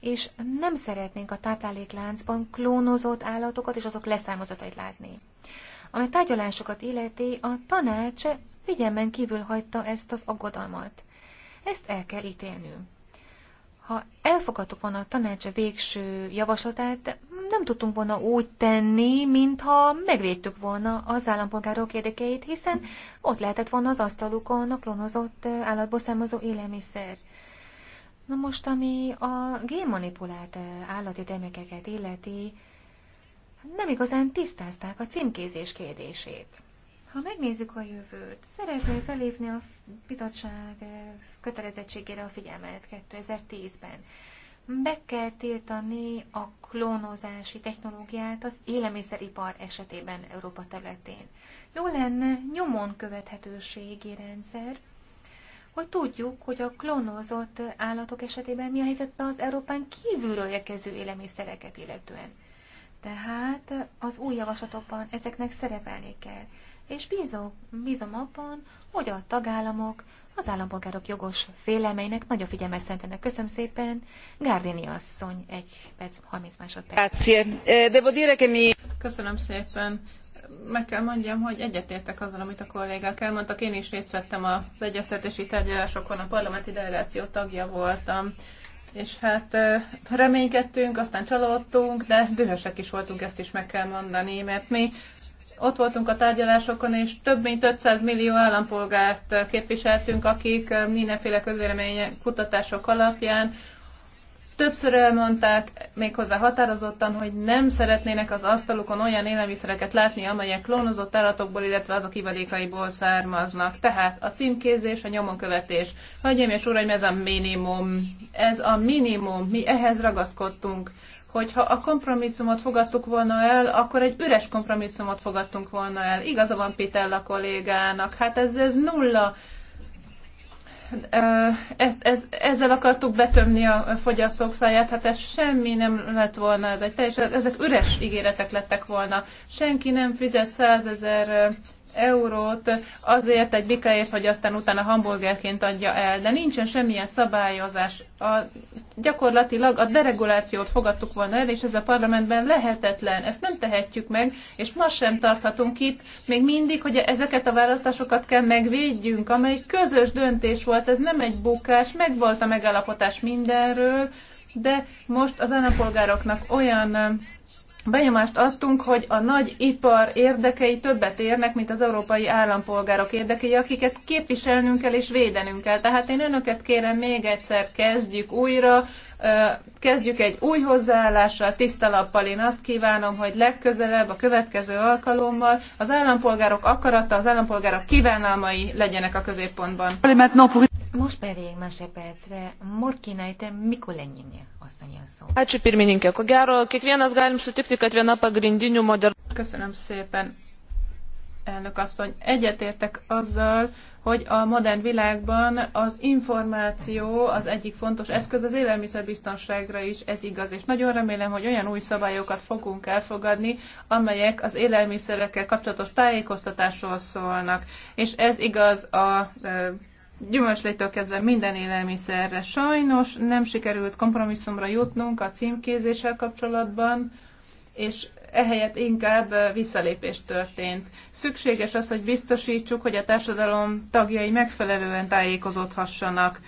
Speaker 1: és nem szeretnénk a táplálékláncban klónozott állatokat és azok leszármazatait látni. Ami tárgyalásokat illeti, a tanács figyelmen kívül hagyta ezt az aggodalmat. Ezt el kell ítélnünk ha elfogadtuk volna a tanács a végső javaslatát, nem tudtunk volna úgy tenni, mintha megvédtük volna az állampolgárok érdekeit, hiszen ott lehetett volna az asztalukon a klónozott eh, állatból származó élelmiszer. Na most, ami a génmanipulált eh, állati termékeket illeti, nem igazán tisztázták a címkézés kérdését. Ha megnézzük a jövőt, szeretné felépni a bizottság kötelezettségére a figyelmet 2010-ben. Be kell tiltani a klónozási technológiát az élelmiszeripar esetében Európa területén. Jó lenne nyomon követhetőségi rendszer, hogy tudjuk, hogy a klónozott állatok esetében mi a helyzet az Európán kívülről érkező élelmiszereket illetően. Tehát az új javaslatokban ezeknek szerepelni kell és bízom, bízom abban, hogy a tagállamok az állampolgárok jogos félelmeinek nagy a figyelmet szentenek. Köszönöm szépen. Gárdini asszony, egy perc, 30 másodperc.
Speaker 4: Eh, Köszönöm szépen. Meg kell mondjam, hogy egyetértek azzal, amit a kollégák elmondtak. Én is részt vettem az egyeztetési tárgyalásokon, a parlamenti delegáció tagja voltam. És hát eh, reménykedtünk, aztán csalódtunk, de dühösek is voltunk, ezt is meg kell mondani, mert mi ott voltunk a tárgyalásokon, és több mint 500 millió állampolgárt képviseltünk, akik mindenféle közvélemény kutatások alapján többször elmondták méghozzá határozottan, hogy nem szeretnének az asztalukon olyan élelmiszereket látni, amelyek klónozott állatokból, illetve azok ivadékaiból származnak. Tehát a címkézés, a nyomonkövetés. Hagyjám és uraim, ez a minimum. Ez a minimum. Mi ehhez ragaszkodtunk hogyha a kompromisszumot fogadtuk volna el, akkor egy üres kompromisszumot fogadtunk volna el. Igaza van Pitella kollégának, hát ez, ez nulla. Ezt, ez, ezzel akartuk betömni a fogyasztók száját, hát ez semmi nem lett volna, ez egy teljes, ezek üres ígéretek lettek volna. Senki nem fizet ezer eurót azért egy bikaért, hogy aztán utána hamburgerként adja el, de nincsen semmilyen szabályozás. A, gyakorlatilag a deregulációt fogadtuk volna el, és ez a parlamentben lehetetlen. Ezt nem tehetjük meg, és ma sem tarthatunk itt. Még mindig, hogy ezeket a választásokat kell megvédjünk, amely közös döntés volt, ez nem egy bukás, meg volt a megállapotás mindenről, de most az állampolgároknak olyan benyomást adtunk, hogy a nagy ipar érdekei többet érnek, mint az európai állampolgárok érdekei, akiket képviselnünk kell és védenünk kell. Tehát én önöket kérem még egyszer kezdjük újra, Kezdjük egy új hozzáállással, tiszta lappal. Én azt kívánom, hogy legközelebb, a következő alkalommal az állampolgárok akarata, az állampolgárok kívánalmai legyenek a középpontban. Most pedig másodpercre Morkinaitė Mikuleninė asszony a szó. Ačiū pirmininkė. Ko gero, kiekvienas galim sutikti, kad viena pagrindinių modern... Köszönöm szépen, elnök asszony. Egyetértek azzal, hogy a modern világban az információ az egyik fontos eszköz az élelmiszerbiztonságra is, ez igaz, és nagyon remélem, hogy olyan új szabályokat fogunk elfogadni, amelyek az élelmiszerekkel kapcsolatos tájékoztatásról szólnak, és ez igaz a gyümölcslétől kezdve minden élelmiszerre. Sajnos nem sikerült kompromisszumra jutnunk a címkézéssel kapcsolatban, és ehelyett inkább visszalépés történt. Szükséges az, hogy biztosítsuk, hogy a társadalom tagjai megfelelően tájékozódhassanak.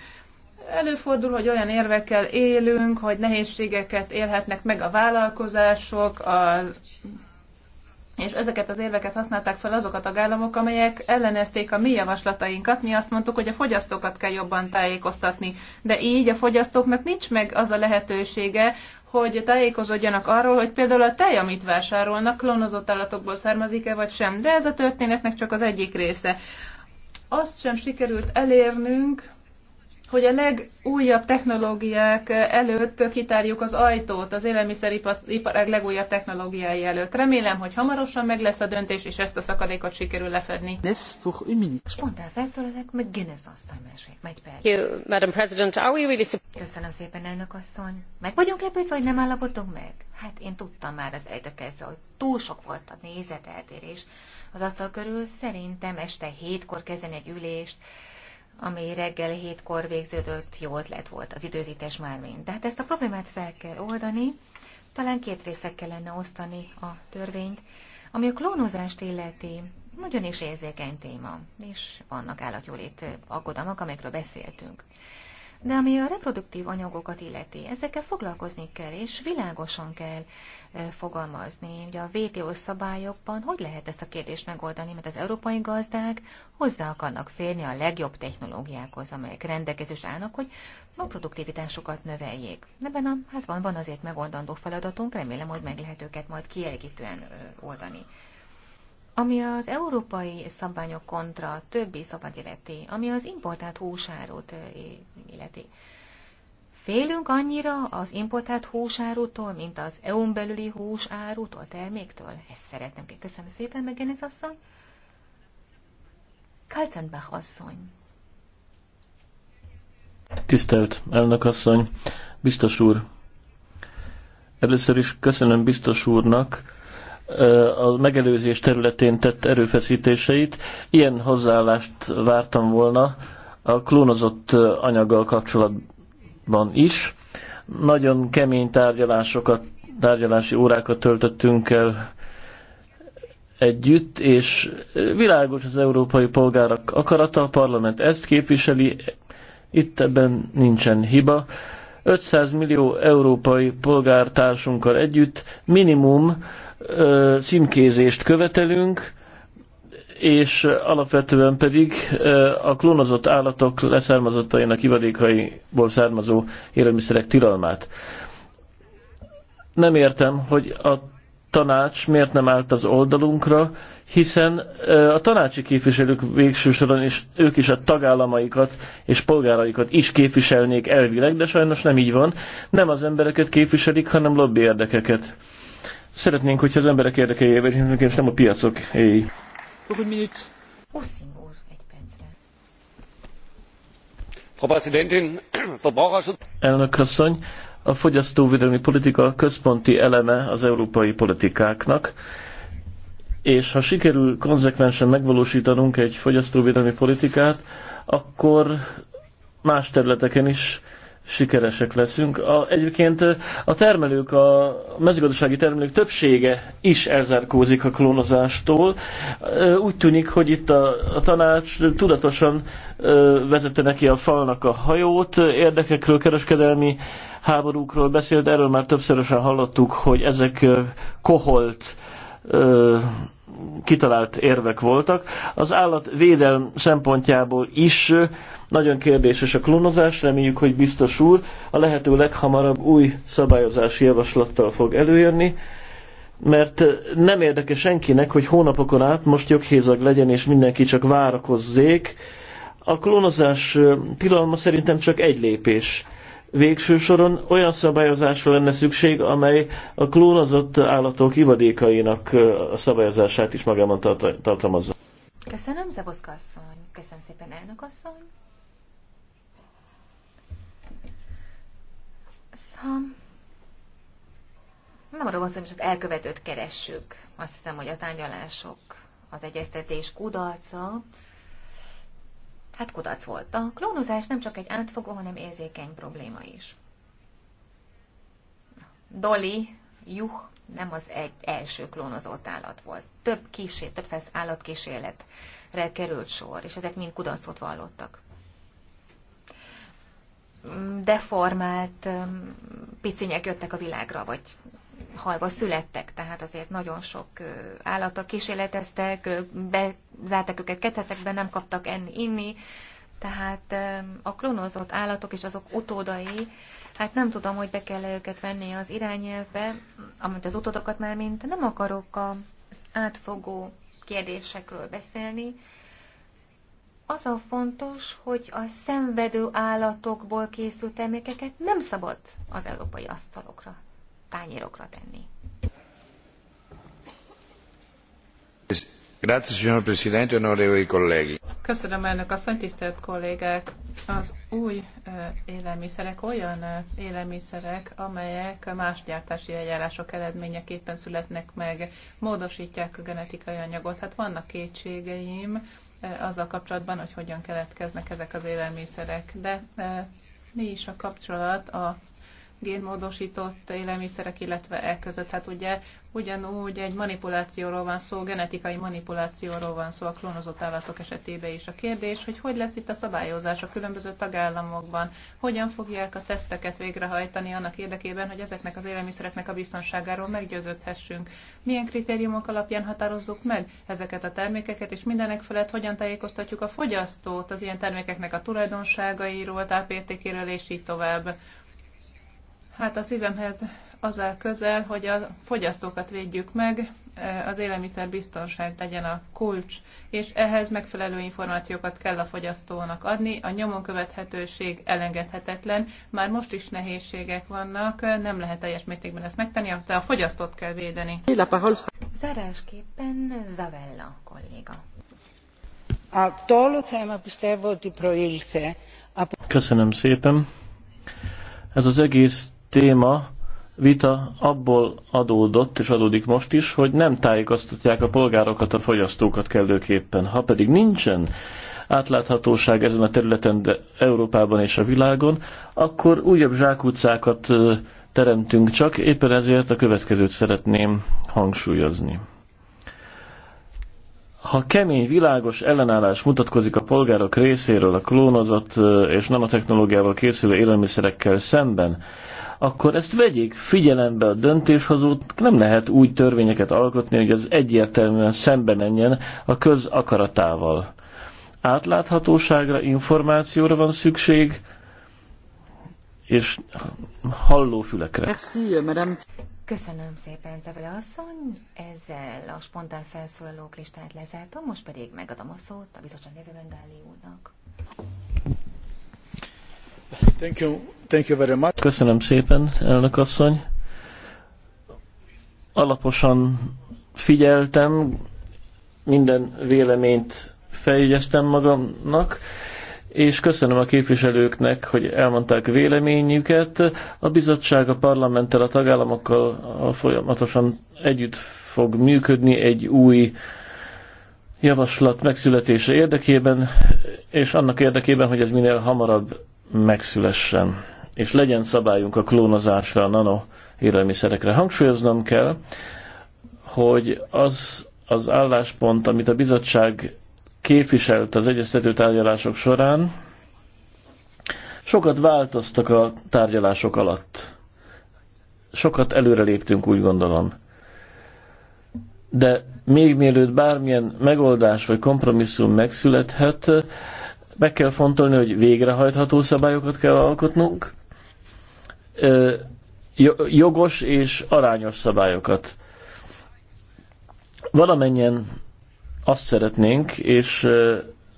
Speaker 4: Előfordul, hogy olyan érvekkel élünk, hogy nehézségeket élhetnek meg a vállalkozások, a és ezeket az érveket használták fel azok a tagállamok, amelyek ellenezték a mi javaslatainkat. Mi azt mondtuk, hogy a fogyasztókat kell jobban tájékoztatni, de így a fogyasztóknak nincs meg az a lehetősége, hogy tájékozódjanak arról, hogy például a tej, amit vásárolnak, klónozott állatokból származik-e vagy sem. De ez a történetnek csak az egyik része. Azt sem sikerült elérnünk, hogy a legújabb technológiák előtt kitárjuk az ajtót az élelmiszeripar legújabb technológiái előtt. Remélem, hogy hamarosan meg lesz a döntés, és ezt a szakadékot sikerül lefedni. Spontán felszólalok, meg Guinness
Speaker 1: asszony are we perc. Köszönöm szépen, elnök asszony. Meg vagyunk lepődve, hogy nem állapodtunk meg? Hát én tudtam már az egyre hogy túl sok volt a nézeteltérés. Az asztal körül szerintem este hétkor kezdeni egy ülést, ami reggel hétkor végződött, jó ötlet volt az időzítés már mind. De hát ezt a problémát fel kell oldani, talán két része kellene osztani a törvényt, ami a klónozást illeti, nagyon is érzékeny téma, és vannak állatjólét aggodalmak, amikről beszéltünk. De ami a reproduktív anyagokat illeti, ezekkel foglalkozni kell, és világosan kell fogalmazni. Ugye a WTO szabályokban hogy lehet ezt a kérdést megoldani, mert az európai gazdák hozzá akarnak férni a legjobb technológiákhoz, amelyek rendelkezés állnak, hogy a produktivitásukat növeljék. Ebben a házban van azért megoldandó feladatunk, remélem, hogy meg lehet őket majd kielégítően oldani. Ami az európai szabványok kontra többi szabad illeti, ami az importált húsárót illeti. Félünk annyira az importált húsárútól, mint az EU-n belüli a terméktől? Ezt szeretném ki. Köszönöm szépen, Megenis asszony. Kaltenbach asszony.
Speaker 3: Tisztelt elnök asszony, biztos úr. Először is köszönöm biztos úrnak a megelőzés területén tett erőfeszítéseit. Ilyen hozzáállást vártam volna a klónozott anyaggal kapcsolatban ban is. Nagyon kemény tárgyalásokat, tárgyalási órákat töltöttünk el együtt, és világos az európai polgárok akarata, a parlament ezt képviseli, itt ebben nincsen hiba. 500 millió európai polgártársunkkal együtt minimum ö, címkézést követelünk, és alapvetően pedig a klónozott állatok leszármazottainak ivadékaiból származó élelmiszerek tilalmát. Nem értem, hogy a tanács miért nem állt az oldalunkra, hiszen a tanácsi képviselők végső soron is, ők is a tagállamaikat és polgáraikat is képviselnék elvileg, de sajnos nem így van. Nem az embereket képviselik, hanem lobby érdekeket. Szeretnénk, hogyha az emberek érdekei és nem a piacok éj. Elnök asszony, a fogyasztóvédelmi politika központi eleme az európai politikáknak, és ha sikerül konzekvensen megvalósítanunk egy fogyasztóvédelmi politikát, akkor más területeken is sikeresek leszünk. A, egyébként a termelők, a mezőgazdasági termelők többsége is elzárkózik a klónozástól. Úgy tűnik, hogy itt a, a tanács tudatosan vezette neki a falnak a hajót, érdekekről, kereskedelmi háborúkról beszélt, erről már többszörösen hallottuk, hogy ezek koholt kitalált érvek voltak. Az védelm szempontjából is nagyon kérdéses a klónozás, reméljük, hogy biztos úr a lehető leghamarabb új szabályozási javaslattal fog előjönni, mert nem érdeke senkinek, hogy hónapokon át most joghézag legyen, és mindenki csak várakozzék. A klónozás tilalma szerintem csak egy lépés Végső soron olyan szabályozásra lenne szükség, amely a klónozott állatok ivadékainak a szabályozását is magában tartalmazza.
Speaker 1: Köszönöm, Zaboszka asszony. Köszönöm szépen, elnök asszony. Szóval... Nem arról van szó, hogy az elkövetőt keressük. Azt hiszem, hogy a tárgyalások, az egyeztetés kudarca, hát kudarc volt. A klónozás nem csak egy átfogó, hanem érzékeny probléma is. Dolly, juh, nem az egy első klónozott állat volt. Több kísérlet, több száz állatkísérletre került sor, és ezek mind kudarcot vallottak. Deformált picinyek jöttek a világra, vagy halva születtek, tehát azért nagyon sok állata kísérleteztek, bezártak őket ketetekben, nem kaptak enni, inni, tehát a klónozott állatok és azok utódai, hát nem tudom, hogy be kell -e őket venni az irányelvbe, amit az utódokat már mint nem akarok az átfogó kérdésekről beszélni, az a fontos, hogy a szenvedő állatokból készült termékeket nem szabad az európai asztalokra tányérokra tenni.
Speaker 4: Köszönöm elnök asszony, tisztelt kollégák! Az új élelmiszerek olyan élelmiszerek, amelyek más gyártási eljárások eredményeképpen születnek meg, módosítják a genetikai anyagot. Hát vannak kétségeim azzal kapcsolatban, hogy hogyan keletkeznek ezek az élelmiszerek, de mi is a kapcsolat a génmódosított élelmiszerek, illetve e között. Hát ugye ugyanúgy egy manipulációról van szó, genetikai manipulációról van szó a klónozott állatok esetében is. A kérdés, hogy hogy lesz itt a szabályozás a különböző tagállamokban, hogyan fogják a teszteket végrehajtani annak érdekében, hogy ezeknek az élelmiszereknek a biztonságáról meggyőződhessünk. Milyen kritériumok alapján határozzuk meg ezeket a termékeket, és mindenek felett hogyan tájékoztatjuk a fogyasztót az ilyen termékeknek a tulajdonságairól, tápértékéről és így tovább. Hát a szívemhez az áll közel, hogy a fogyasztókat védjük meg, e, az élelmiszer biztonság legyen a kulcs, és ehhez megfelelő információkat kell a fogyasztónak adni. A nyomon követhetőség elengedhetetlen, már most is nehézségek vannak, nem lehet teljes mértékben ezt megtenni, de a fogyasztót kell védeni.
Speaker 1: Zárásképpen Zavella
Speaker 4: kolléga.
Speaker 3: Köszönöm szépen. Ez az egész téma vita abból adódott, és adódik most is, hogy nem tájékoztatják a polgárokat, a fogyasztókat kellőképpen. Ha pedig nincsen átláthatóság ezen a területen, de Európában és a világon, akkor újabb zsákutcákat teremtünk csak, éppen ezért a következőt szeretném hangsúlyozni. Ha kemény, világos ellenállás mutatkozik a polgárok részéről a klónozott és nanotechnológiával készülő élelmiszerekkel szemben, akkor ezt vegyék figyelembe a döntéshozót, nem lehet úgy törvényeket alkotni, hogy az egyértelműen szembe menjen a köz akaratával. Átláthatóságra, információra van szükség, és hallófülekre.
Speaker 1: Merci, madame. Köszönöm szépen, Zavele asszony. Ezzel a spontán felszólalók listáját lezártam, most pedig megadom a szót a bizottság nevében Dáli úrnak.
Speaker 3: Thank you. Thank you very much. Köszönöm szépen, elnök asszony. Alaposan figyeltem, minden véleményt feljegyeztem magamnak, és köszönöm a képviselőknek, hogy elmondták véleményüket. A bizottság a parlamenttel, a tagállamokkal folyamatosan együtt fog működni egy új javaslat megszületése érdekében, és annak érdekében, hogy ez minél hamarabb megszülessen. És legyen szabályunk a klónozásra, a nano élelmiszerekre. Hangsúlyoznom kell, hogy az az álláspont, amit a bizottság képviselt az egyeztető tárgyalások során, sokat változtak a tárgyalások alatt. Sokat előre léptünk, úgy gondolom. De még mielőtt bármilyen megoldás vagy kompromisszum megszülethet, meg kell fontolni, hogy végrehajtható szabályokat kell alkotnunk, jogos és arányos szabályokat. Valamennyien azt szeretnénk, és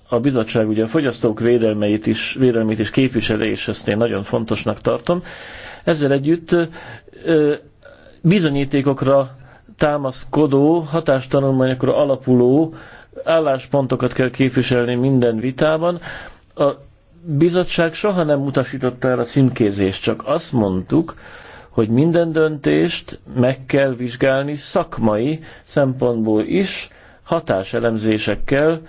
Speaker 3: a bizottság ugye a fogyasztók védelmeit is, védelmét is képviseli, és ezt én nagyon fontosnak tartom. Ezzel együtt bizonyítékokra támaszkodó, hatástanulmányokra alapuló álláspontokat kell képviselni minden vitában. A bizottság soha nem utasította el a címkézést, csak azt mondtuk, hogy minden döntést meg kell vizsgálni szakmai szempontból is, hatáselemzésekkel,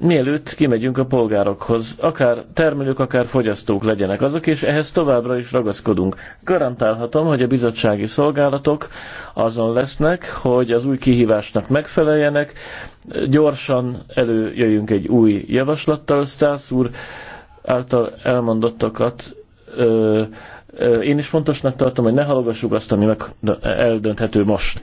Speaker 3: mielőtt kimegyünk a polgárokhoz. Akár termelők, akár fogyasztók legyenek azok, és ehhez továbbra is ragaszkodunk. Garantálhatom, hogy a bizottsági szolgálatok azon lesznek, hogy az új kihívásnak megfeleljenek, gyorsan előjöjjünk egy új javaslattal, Stász úr által elmondottakat ö, ö, én is fontosnak tartom, hogy ne halogassuk azt, ami meg eldönthető most.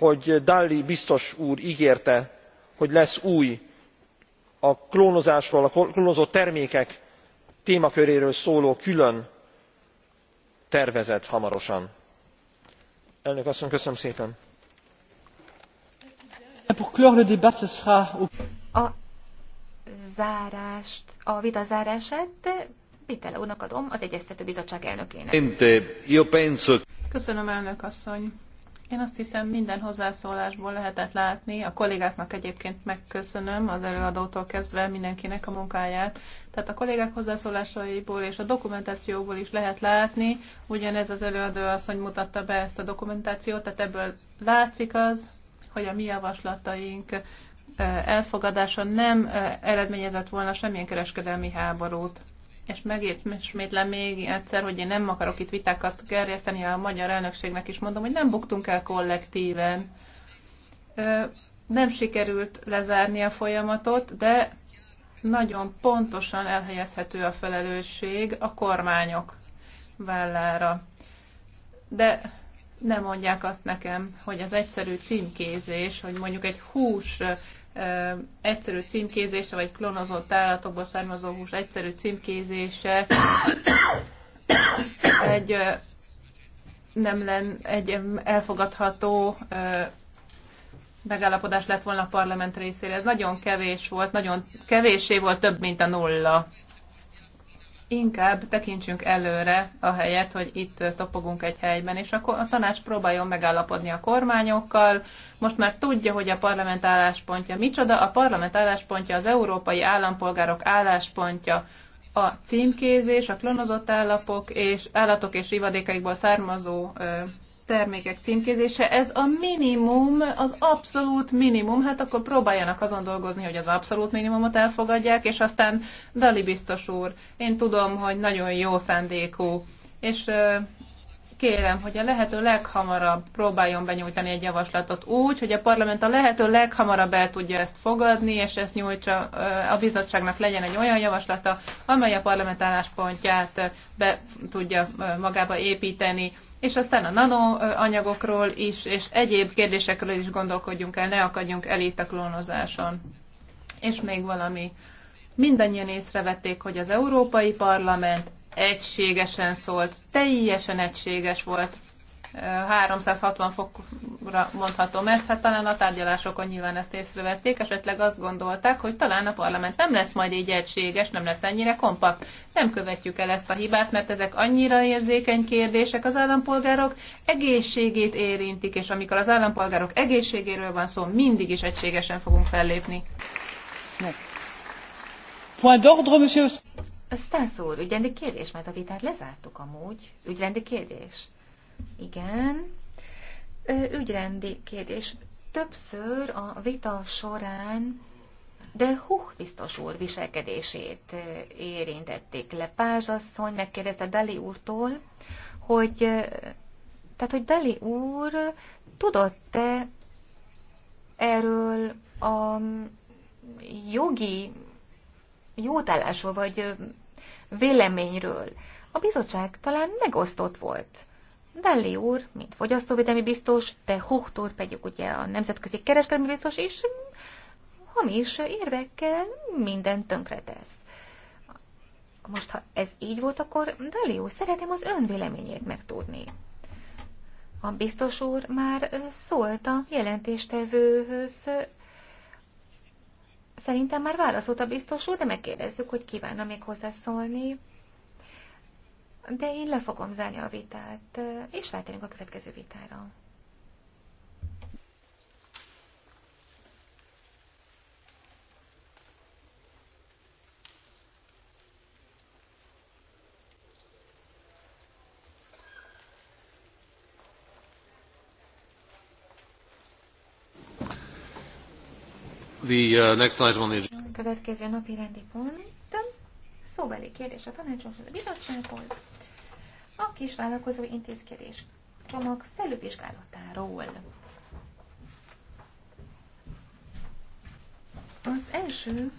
Speaker 2: hogy dalli biztos úr gérte hogy lesz új a klónozásról a klónozott termékek témaköréről szóló külön tervezet hamarosan. elnök asszony köszönöm szépen!
Speaker 1: a zárást a vita zárását
Speaker 4: az bizottság
Speaker 1: elnökének.
Speaker 4: Köszönöm én azt hiszem minden hozzászólásból lehetett látni, a kollégáknak egyébként megköszönöm az előadótól kezdve mindenkinek a munkáját. Tehát a kollégák hozzászólásaiból és a dokumentációból is lehet látni, ugyanez az előadó asszony mutatta be ezt a dokumentációt, tehát ebből látszik az, hogy a mi javaslataink eh, elfogadása nem eh, eredményezett volna semmilyen kereskedelmi háborút és megismétlem még egyszer, hogy én nem akarok itt vitákat gerjeszteni, a magyar elnökségnek is mondom, hogy nem buktunk el kollektíven. Nem sikerült lezárni a folyamatot, de nagyon pontosan elhelyezhető a felelősség a kormányok vállára. De nem mondják azt nekem, hogy az egyszerű címkézés, hogy mondjuk egy hús egyszerű címkézése, vagy klonozott állatokból származó hús egyszerű címkézése egy nem len, egy elfogadható megállapodás lett volna a parlament részére. Ez nagyon kevés volt, nagyon kevésé volt több, mint a nulla inkább tekintsünk előre a helyet, hogy itt topogunk egy helyben, és akkor a tanács próbáljon megállapodni a kormányokkal. Most már tudja, hogy a parlament álláspontja micsoda. A parlament álláspontja az európai állampolgárok álláspontja a címkézés, a klonozott állapok és állatok és rivadékaikból származó termékek címkézése, ez a minimum, az abszolút minimum, hát akkor próbáljanak azon dolgozni, hogy az abszolút minimumot elfogadják, és aztán Dali biztos úr, én tudom, hogy nagyon jó szándékú, és kérem, hogy a lehető leghamarabb próbáljon benyújtani egy javaslatot úgy, hogy a parlament a lehető leghamarabb el tudja ezt fogadni, és ezt nyújtsa a bizottságnak legyen egy olyan javaslata, amely a parlament álláspontját be tudja magába építeni, és aztán a nanoanyagokról is, és egyéb kérdésekről is gondolkodjunk el, ne akadjunk el itt a klónozáson. És még valami. Mindannyian észrevették, hogy az Európai Parlament egységesen szólt, teljesen egységes volt. 360 fokra mondhatom ezt, hát talán a tárgyalásokon nyilván ezt észrevették, esetleg azt gondolták, hogy talán a parlament nem lesz majd így egységes, nem lesz ennyire kompakt. Nem követjük el ezt a hibát, mert ezek annyira érzékeny kérdések az állampolgárok egészségét érintik, és amikor az állampolgárok egészségéről van szó, mindig is egységesen fogunk fellépni.
Speaker 1: Point d'ordre, monsieur. Stász úr, ügyrendi kérdés, mert a vitát lezártuk amúgy. Ügyrendi kérdés. Igen. Ügyrendi kérdés. Többször a vita során de huh, biztos úr viselkedését érintették le. asszony megkérdezte Dali úrtól, hogy, tehát, hogy Dali úr tudott-e erről a jogi jótállásról vagy véleményről. A bizottság talán megosztott volt. Dalli úr, mint fogyasztóvédelmi biztos, de Hochtúr pedig ugye a nemzetközi kereskedelmi biztos is hamis érvekkel minden tönkretesz. Most, ha ez így volt, akkor Dalli úr, szeretem az ön véleményét megtudni. A biztos úr már szólt a jelentéstevőhöz Szerintem már válaszolt a biztos úr, de megkérdezzük, hogy kívánna még hozzászólni. De én le fogom zárni a vitát, és ráterünk a következő vitára.
Speaker 3: The uh,
Speaker 4: next item on the...
Speaker 1: Következő napi rendi pont, szóbeli kérdés a tanácsos a bizottsághoz, a kisvállalkozó intézkedés csomag felülvizsgálatáról. Az első